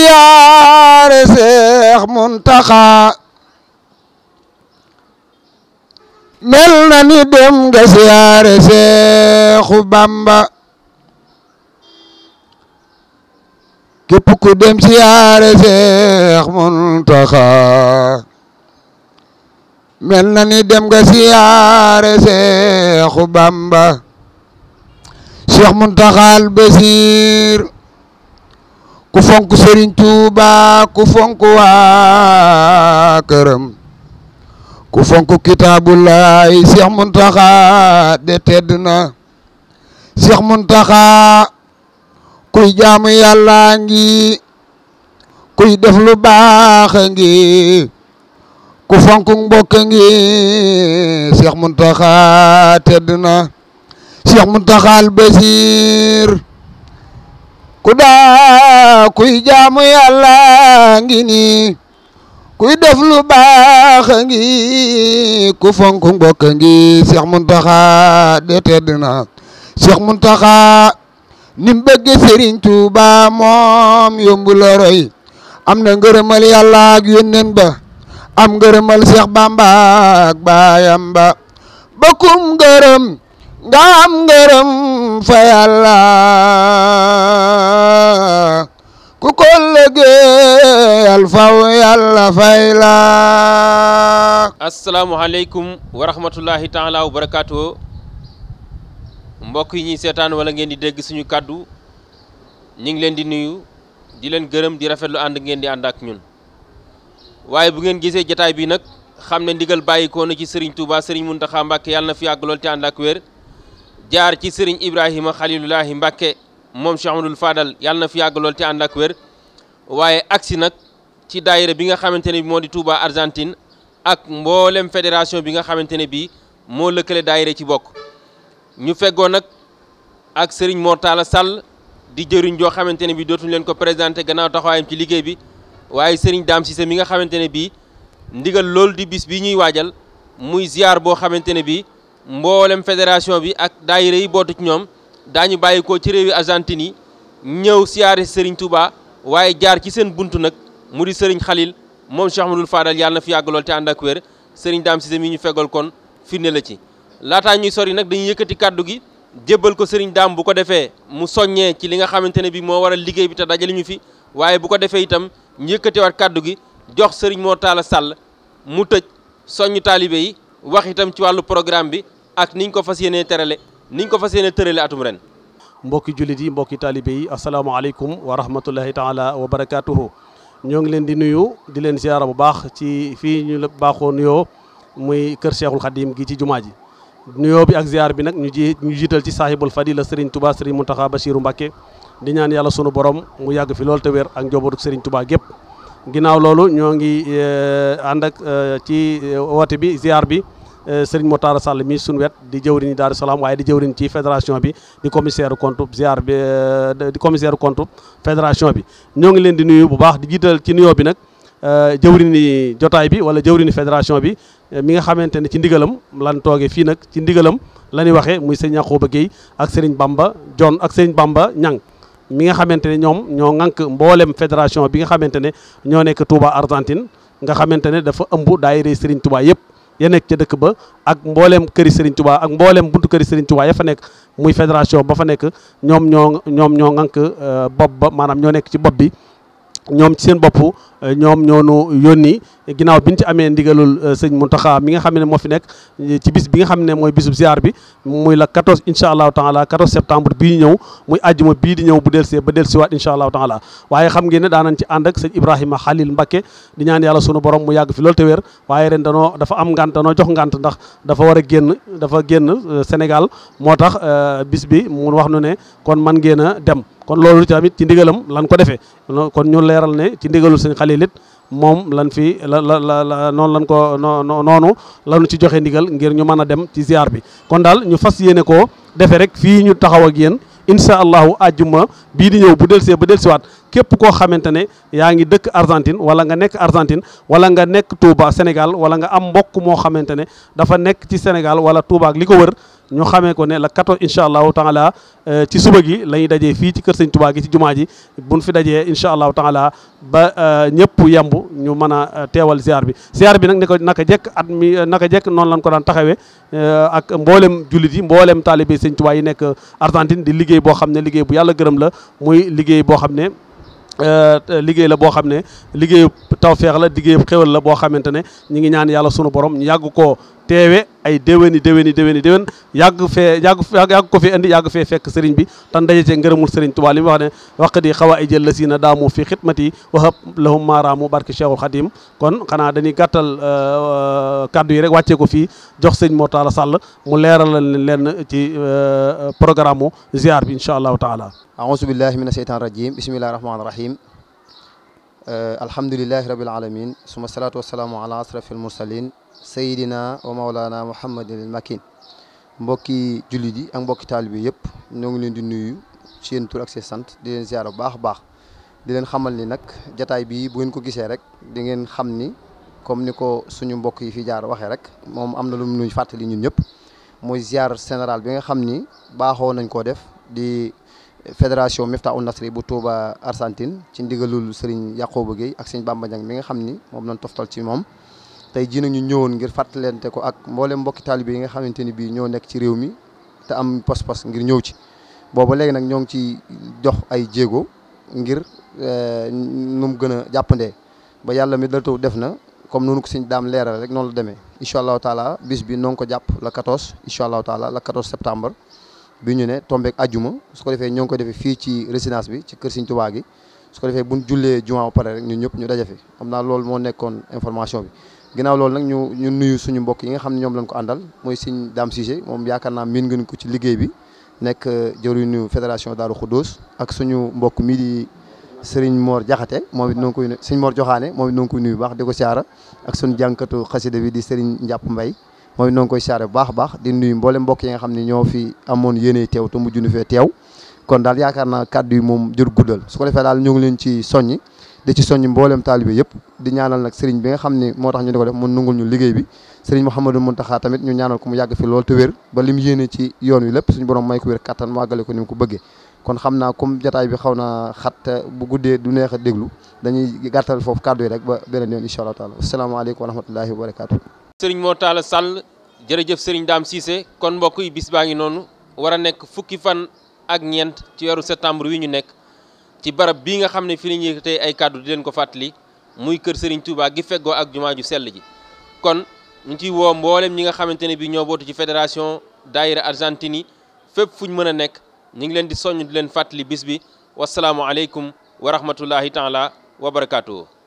siyaare seex muntaxa mel na ni dem nga siyaare seexu bamba képp ku dem siyaare seex muntaxa mel na ni dem nga siyaare seexu bamba seex muntaxal basiir ku fonk Serigne Touba ku fonk waa këram ku fonk kitaabulaay Cheikh Mountakha de tedd na Cheikh Mountakha kuy jaamu yàlla ngi kuy def lu baax ngi ku fonk mbokk ngi Cheikh Mountakha tedd na Cheikh ku daa kuy jaamu yàlla ngi nii kuy def lu baax a ngi ku fonk mbokk ngi Cheikh de tedd na Cheikh Mountakha ni mu bëgg Serigne Touba moom yombu am na ngërëmal yàlla ak ba am ngërëmal Cheikh Bamba ak baayam ba bakum ngërëm nga am ngërëm fa yàlla ku ko liggéeyal faw yàlla fay la asalaamualeykum wa rahmatullahi taala barakaatu mbokk yi ñuy seetaan wala ngeen di dégg suñu kàddu ñu ngi leen di nuyu di leen gërëm di rafetlu ànd ngeen di ànd ak ñun waaye bu ngeen gisee jataay bi nag xam ne ndigal bàyyi na ci sëriñ Touba sëriñ Mountakha Mbacké yàlla na fi yàgg lool te ànd ak wér jaar ci sëriñ Ibrahima Xalilullahi Mbacké moom si Amadou Fadal yàlla na fi yàgg lool te ànd ak wér waaye agsi nag ci daayira bi nga xamante ne bi moo di Touba Argentine ak mboolem fédération bi nga xamante ne bi moo lëkkale daayira ci bokk ñu feggoo nag ak Serigne Mortala Sall di jëriñ joo xamante ne bi dootuñu leen ko présenté gannaaw taxawaayam ci liggéey bi waaye Serigne Dame Cissé mi nga xamante ne bi ndigal loolu di bis bi ñuy waajal muy ziar boo xamante ne bi mboolem fédération bi ak daayira yi bootu ñoom daañu bàyyi ko ci réewi Argentine yi ñëw siyaare Serigne Touba waaye jaar ci seen bunt nag mu di Serigne xalil moom Cheikh Ahmadoul Fadal yàlla na fi yàgg lool te ànd ak wér Serigne Dame Cissé mi ñu fegal kon firnde la ci. laataa ñuy sori nag dañuy yëkkati kàddu gi jébbal ko Serigne Dame bu ko defee mu soññee ci li nga xamante ne bi moo waral liggéey bi te dajale ñu fi waaye bu ko defee itam ñu yëkkatiwaat kàddu gi jox sëriñ Mor Talla Sall mu tëj soññu taalibe wax itam ci wàllu programme bi ak niñ ko fas yéenee terale niñ ko fas yéene tërale atum ren mbokki jullit yi mbokki taalibe yi asalaamaaleykum wa rahmatullahi taala wa barakaatuhu ñoo ngi leen di nuyu di leen ziara bu baax ci fii ñu baaxoo nuyoo muy kër Cheikhul Khadim gi ci jumaa ji nuyoo bi ak ziar bi nag ñu ji jiital ci saahibul fadila Serigne Touba Serigne Mountakha Bassirou Mbacké di ñaan yàlla sunu borom mu yàgg fi loolu te wér ak njobootu Serigne Touba gépp ginnaaw loolu ñoo ngi eh, ànd ak eh, ci eh, woote bi ziar bi Euh, sëriñ Moutara Sall mi suñu wet di jëwriñ Daaru Salaam waaye di jëwriñ ci fédération bi di commissaire compte ziar bi euh, di commissaire compte fédération bi ñoo ngi leen di nuyu bu baax di jiital ci nuyoo bi nag euh, jëwriñi jotaay bi wala jëwriñi fédération bi mi nga xamante ne ci ndigalam lan tooge fii nag ci ndigalam la ñuy waxee muy sëriñ Yakhouba géey ak sëriñ Bamba John ak sëriñ Bamba Ñang mi nga xamante ne ñoom ñoo ŋànk mboolem fédération bi nga xamante ne ñoo nekk Touba Argentine nga xamante ne dafa ëmb daayira sëriñ Touba yëpp ya nekk ca dëkk ba ak mbooleem këri Serigne Touba ak mbooleem buntu këri Serigne Touba ya fa nekk muy fédération ba fa nekk ñoom ñoo ñoom ñoo ŋànk euh, bopp ba maanaam ñoo nekk ci bopp bi ñoom ci seen bopp ñoom ñoo nu yónni ginnaaw bi ñu ci amee ndigalul euh, sëñ Mountakha mi nga xam ne moo fi nekk ci bis bi nga xam ne mooy bisub ziar bi muy la 14 incha allahu taala 14 septembre bii ñëw muy àjjuma bii di ñëw bu delsee ba delsiwaat incha allahu taala waaye xam ngeen ne daanañ ci ànd ak sëñ Ibrahima Khalil Mbacké di ñaan yàlla sunu borom mu yàgg fi loolu te wér waaye ren danoo dafa am ngant danoo jox ngant ndax dafa war a génn dafa génn euh, Sénégal moo tax euh, bis bi mu wax nu ne kon man ngeen a dem kon loolu tamit ci ndigalam lan ko defee xalil it moom lan fi la la la noonu lan ko noonu lanu ci joxe ndigal ngir ñu man a dem ci ziar bi kon daal ñu fas yéene ko defe rek fii ñu taxaw ak yéen incha allahu ajjuma bii di ñëw bu delsee ba delsiwaat képp koo xamante ne yaa ngi dëkk Argentine wala nga nekk Argentine wala nga nekk Touba Sénégal wala nga am mbokk moo xamante ne dafa nekk ci Sénégal wala Touba ak li ko wër ñu xamee ko ne la 14 incha allahu taala euh, ci suba gi la ñuy dajee fii ci kër sëñ Tuubaa gi ci jumaa ji buñ fi dajee incha allahu taala ba euh, ñëpp yemb ñu mën a euh, teewal ziar bi ziar bi nag ne ko naka jekk at mi naka jekk noonu lañ ko daan taxawee ak mboolem jullit yi mboolem taalibe sëñ Tuubaa yi nekk Argentine di liggéey boo xam ne liggéey bu yàlla gërëm la muy liggéey boo xam ne liggéey la boo xam ne liggéey taw tawfeex la liggéeyu xéwal la boo xamante ne ñi ngi ñaan yàlla sunu borom ñu yàgg koo teewe ay déwéni déwéni déwéni déwén yàgg fee yàgg yàgg ko fi indi yàgg fee fekk sëriñ bi tan daje cee ngërëmul sëriñ Tuubaa li mu wax ne waq di xaw a ay jël la na daamu fi xidmati waxab lahum maaraamu barke Cheikhul Khadim kon xanaa dañuy gàttal euh, euh, kaddu yi rek wàccee ko fi jox sëñ moo Talla Sall mu leeralal leen ci euh, programme mu ziar bi incha allahu taala aousu billahi mina sheytan rajim bismillahi rahmani rahim alhamdulilahi rabil alamin suma salaatu wasalaamu ala asrafil mursalin sayidina wa maulana muhammadin makin mbokki jullit yi ak mbokki taalibe yi yëpp ñoo ngi leen di nuyu seen tur sant di leen ziar bu baax a baax di leen xamal ni nag jataay bi bu ngeen ko gisee rek di ngeen xam ni comme ni ko suñu mbokk yi fi jaar waxee rek moom am na lu nuy fàttali ñun ñëpp mooy ziar général bi nga xam ni baaxoo nañ koo def fédération Miftahoul Nasri bu Touba Argentine ci ndigalul Serigne Yacoba Gueye ak Serigne Bamba mi nga xam ni moom lañ toftal ci moom tey ji nag ñu ñëwoon ngir fàttalente ko ak mboolem mbokki taalibe yi nga xamante ni bii ñoo nekk ci réew mi te am pos pas ngir ñëw ci booba léegi nag ñoo ngi ci jox ay jéego ngir eh, nu mu gën a jàppandee ba yàlla mi dal taw def na comme noonu ko Serigne Dame leeral rek noonu la demee incha allahu taala bis bi noo ko jàpp la 14 incha allahu taala la 14 septembre bi ñu ne tombeek ajjuma su ko defee ñoo ngi ko defee fii ci résidence bi ci kër Serigne Touba gi su ko defee bu jullee jumaa ba pare rek ñun ñëpp ñu daje fi xam naa loolu moo nekkoon information bi ginnaaw loolu nag ñu ñu nuyu suñu mbokk yi nga xam ne ñoom lañ ko àndal mooy Serigne Dame Cissé moom yaakaar naa miin ngeen ko ci liggéey bi nekk euh, jëriñu fédération Darou Khoudoss ak suñu mbokk mii di Serigne Mor Diakhaté moom it noo ngi koy Serigne Mor Joxaane moom it noo ngi koy nuyu baax di ko siyaara ak suñu jànkatu xasida bi di Serigne Ndiap mbay mooy noo ngi koy saare baax a baax di nuyu mboole mbokk nga xam ne ñoo fi amoon yéene teew te mujj nu fee teew kon daal yaakaar naa kàddu yi moom jur guddal su ko defee daal ñu leen ci soññi di ci soññi mboolem taalibe yëpp di ñaanal nag sëriñ bi nga xam ne moo tax ñu di ko def mu nungul ñu liggéey bi sëriñ Mouhamadou Mountakha tamit ñu ñaanal ko mu yàgg fi lool te wér ba lim yéene ci yoon wi lépp suñu borom may ko wér kattan mu àggale ko ni mu ko bëggee kon xam naa comme jataay bi xaw na xat bu guddee du neex a déglu dañuy gàttal foofu kàddu yi rek ba beneen yoon incha allah taala asalaamaaleykum wa rahmatullahi sëriñ moo Talla Sall jërëjëf sëriñ daam Cissé kon mbokk yi bis baa ngi noonu war a nekk fukki fan ak ñeent ci weeru septembre wi ñu nekk ci barab bii nga xam ne fi la ñuy yëkkatee ay kàddu di leen ko fàttali muy kër sëriñ Touba gi feggoo ak jumaa ju sell ji kon ñu ciy woo mboolem ñi nga xamante ne bi ñoo bootu ci fédération daayira Argentine yi fépp fu ñu mën a nekk ñu ngi leen di soññ di leen fàttali bis bi wasalaamualeykum wa rahmatullahi taala wa barakaatu.